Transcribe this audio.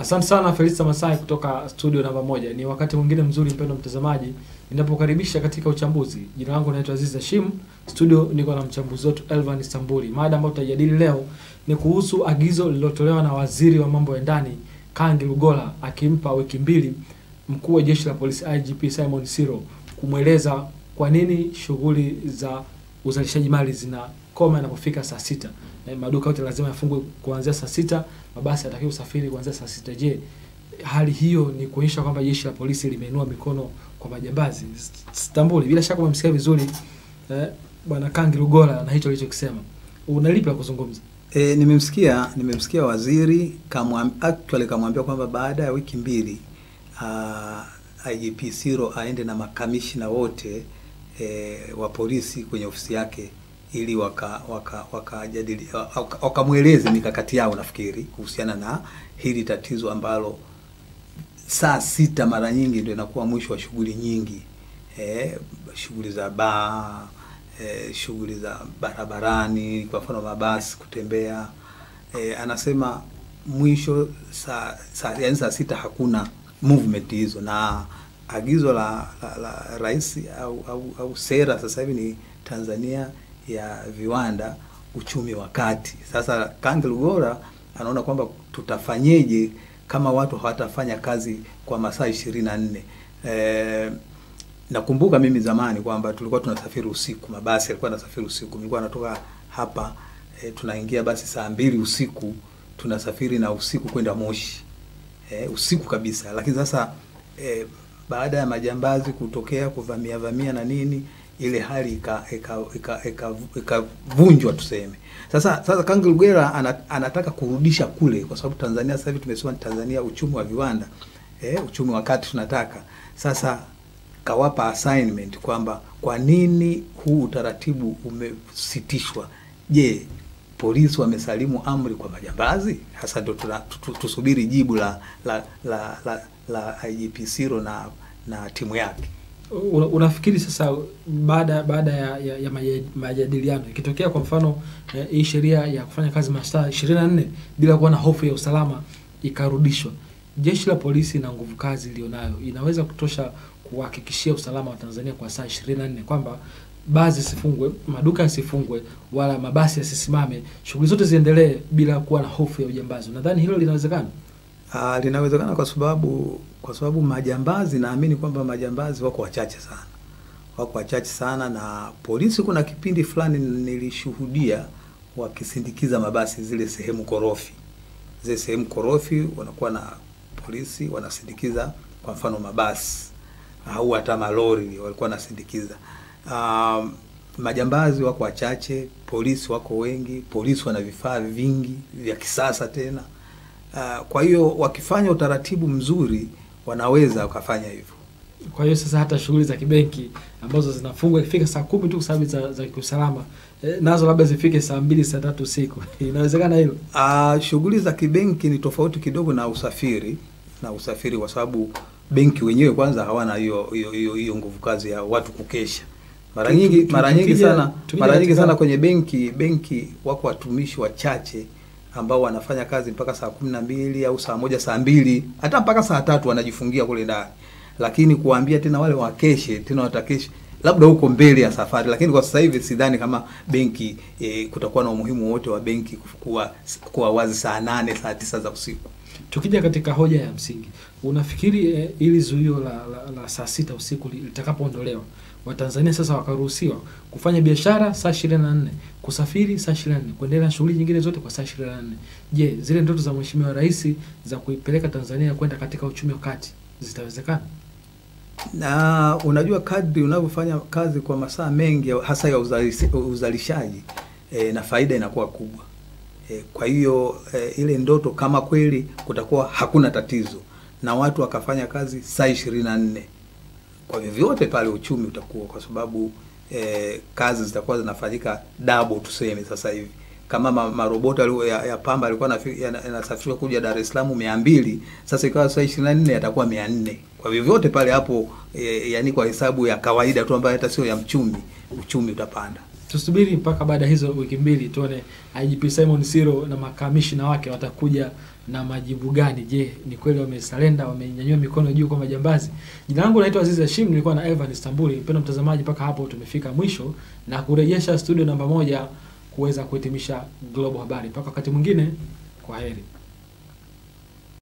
Asante sana Felista Masai kutoka studio namba moja. Ni wakati mwingine mzuri, mpendo mtazamaji, ninapokaribisha katika uchambuzi. Jina langu naitwa Aziz Hashim, studio niko na mchambuzi wetu Elvan Istambuli. Mada ambayo tutajadili leo ni kuhusu agizo lililotolewa na waziri wa mambo ya ndani Kangi Lugola akimpa wiki mbili mkuu wa jeshi la polisi IGP Simon Siro kumweleza kwa nini shughuli za uzalishaji mali zina koma inapofika saa sita na eh, maduka yote lazima yafungwe kuanzia saa sita, mabasi yatakiwa usafiri kuanzia saa sita. Je, hali hiyo ni kuonyesha kwamba jeshi la polisi limeinua mikono kwa majambazi? Stambuli, bila shaka umemsikia vizuri eh, bwana Kangi Lugola na hicho alichokisema. Unalipi la kuzungumza? E, nimemsikia nimemsikia waziri kamwam, actually kamwambia kwamba baada ya wiki mbili uh, ah, IGP Siro aende na makamishina wote e, wa polisi kwenye ofisi yake ili wakamweleze waka, waka waka, waka mikakati yao nafikiri kuhusiana na hili tatizo ambalo saa sita mara nyingi ndio inakuwa mwisho wa shughuli nyingi eh, shughuli za baa eh, shughuli za barabarani kwa mfano mabasi kutembea eh, anasema mwisho saa sa, yani saa sita hakuna movement hizo na agizo la, la, la rais au, au, au sera sasa hivi ni Tanzania ya viwanda uchumi wa kati. Sasa Kangi Lugora anaona kwamba tutafanyeje kama watu hawatafanya kazi kwa masaa ishirini na nne. E, nakumbuka mimi zamani kwamba tulikuwa tunasafiri usiku, mabasi yalikuwa yanasafiri usiku. Nilikuwa natoka hapa e, tunaingia basi saa mbili usiku, tunasafiri na usiku kwenda Moshi e, usiku kabisa. Lakini sasa e, baada ya majambazi kutokea kuvamia vamia na nini ile hali ikavunjwa ika, ika, ika, ika tuseme. Sasa sasa Kangi Lugera anataka kurudisha kule, kwa sababu Tanzania sasa hivi tumesema Tanzania uchumi wa viwanda eh, uchumi wa kati tunataka sasa kawapa assignment kwamba kwa nini huu utaratibu umesitishwa? Je, polisi wamesalimu amri kwa majambazi? Hasa ndo tusubiri jibu la la la, la, la IGP na na timu yake una, unafikiri sasa baada baada ya, ya, ya majadiliano ikitokea kwa mfano eh, hii sheria ya kufanya kazi masaa 24 bila kuwa na hofu ya usalama ikarudishwa, jeshi la polisi na nguvu kazi iliyonayo inaweza kutosha kuhakikishia usalama wa Tanzania kwa saa 24 kwamba baa zisifungwe, maduka yasifungwe, wala mabasi yasisimame, shughuli zote ziendelee bila kuwa na hofu ya ujambazi. Nadhani hilo linawezekana. Ah, linawezekana kwa sababu kwa sababu majambazi, naamini kwamba majambazi wako wachache sana, wako wachache sana. Na polisi, kuna kipindi fulani nilishuhudia wakisindikiza mabasi zile sehemu korofi, zile sehemu korofi, wanakuwa na polisi wanasindikiza, kwa mfano mabasi au hata malori walikuwa wanasindikiza. Um, majambazi wako wachache, polisi wako wengi, polisi wana vifaa vingi vya kisasa tena. Uh, kwa hiyo wakifanya utaratibu mzuri wanaweza wakafanya hivyo. Kwa hiyo sasa hata shughuli za kibenki ambazo zinafungwa ikifika saa kumi tu kwa sababu za, za kiusalama e, nazo labda zifike saa mbili saa tatu usiku inawezekana hilo? Ah, shughuli za kibenki ni tofauti kidogo na usafiri na usafiri, kwa sababu benki wenyewe kwanza hawana hiyo hiyo hiyo nguvu kazi ya watu kukesha mara nyingi mara nyingi sana mara nyingi sana kwenye benki benki wako watumishi wachache ambao wanafanya kazi mpaka saa kumi na mbili au saa moja saa mbili hata mpaka saa tatu wanajifungia kule ndani, lakini kuwaambia tena wale wakeshe tena watakeshe labda huko mbele ya safari, lakini kwa sasa hivi sidhani kama benki e, kutakuwa na umuhimu wote wa benki kuwa, kuwa wazi saa nane saa tisa za usiku. Tukija katika hoja ya msingi, unafikiri e, ili zuio la, la, la saa sita usiku litakapoondolewa li, Watanzania sasa wakaruhusiwa kufanya biashara saa 24, kusafiri saa 24, kuendelea na shughuli nyingine zote kwa saa 24. Je, zile ndoto za Mheshimiwa Rais za kuipeleka Tanzania kwenda katika uchumi wa kati zitawezekana? Na unajua kadri unavyofanya kazi kwa masaa mengi hasa ya uzalishaji e, na faida inakuwa kubwa e, kwa hiyo e, ile ndoto kama kweli kutakuwa hakuna tatizo na watu wakafanya kazi saa 24 kwa vyovyote pale uchumi utakuwa, kwa sababu e, kazi zitakuwa zinafanyika double, tuseme sasa hivi kama marobota ma ya, ya pamba alikuwa yanasafirishwa kuja Dar es Salaam mbili sasa ikawa saa nne yatakuwa mia nne Kwa vyovyote pale hapo e, yani kwa hesabu ya kawaida tu ambayo hata sio ya mchumi, uchumi utapanda tusubiri mpaka baada hizo wiki mbili tuone IGP Simon Siro na makamishina wake watakuja na majibu gani. Je, ni kweli wamesalenda, wamenyanyua mikono juu kwa majambazi? Jina langu naitwa Aziz Hashim, nilikuwa na Evan Istanbuli. Mpendwa mtazamaji, mpaka hapo tumefika mwisho na kurejesha studio namba moja kuweza kuhitimisha Global Habari. Mpaka wakati mwingine, kwa heri.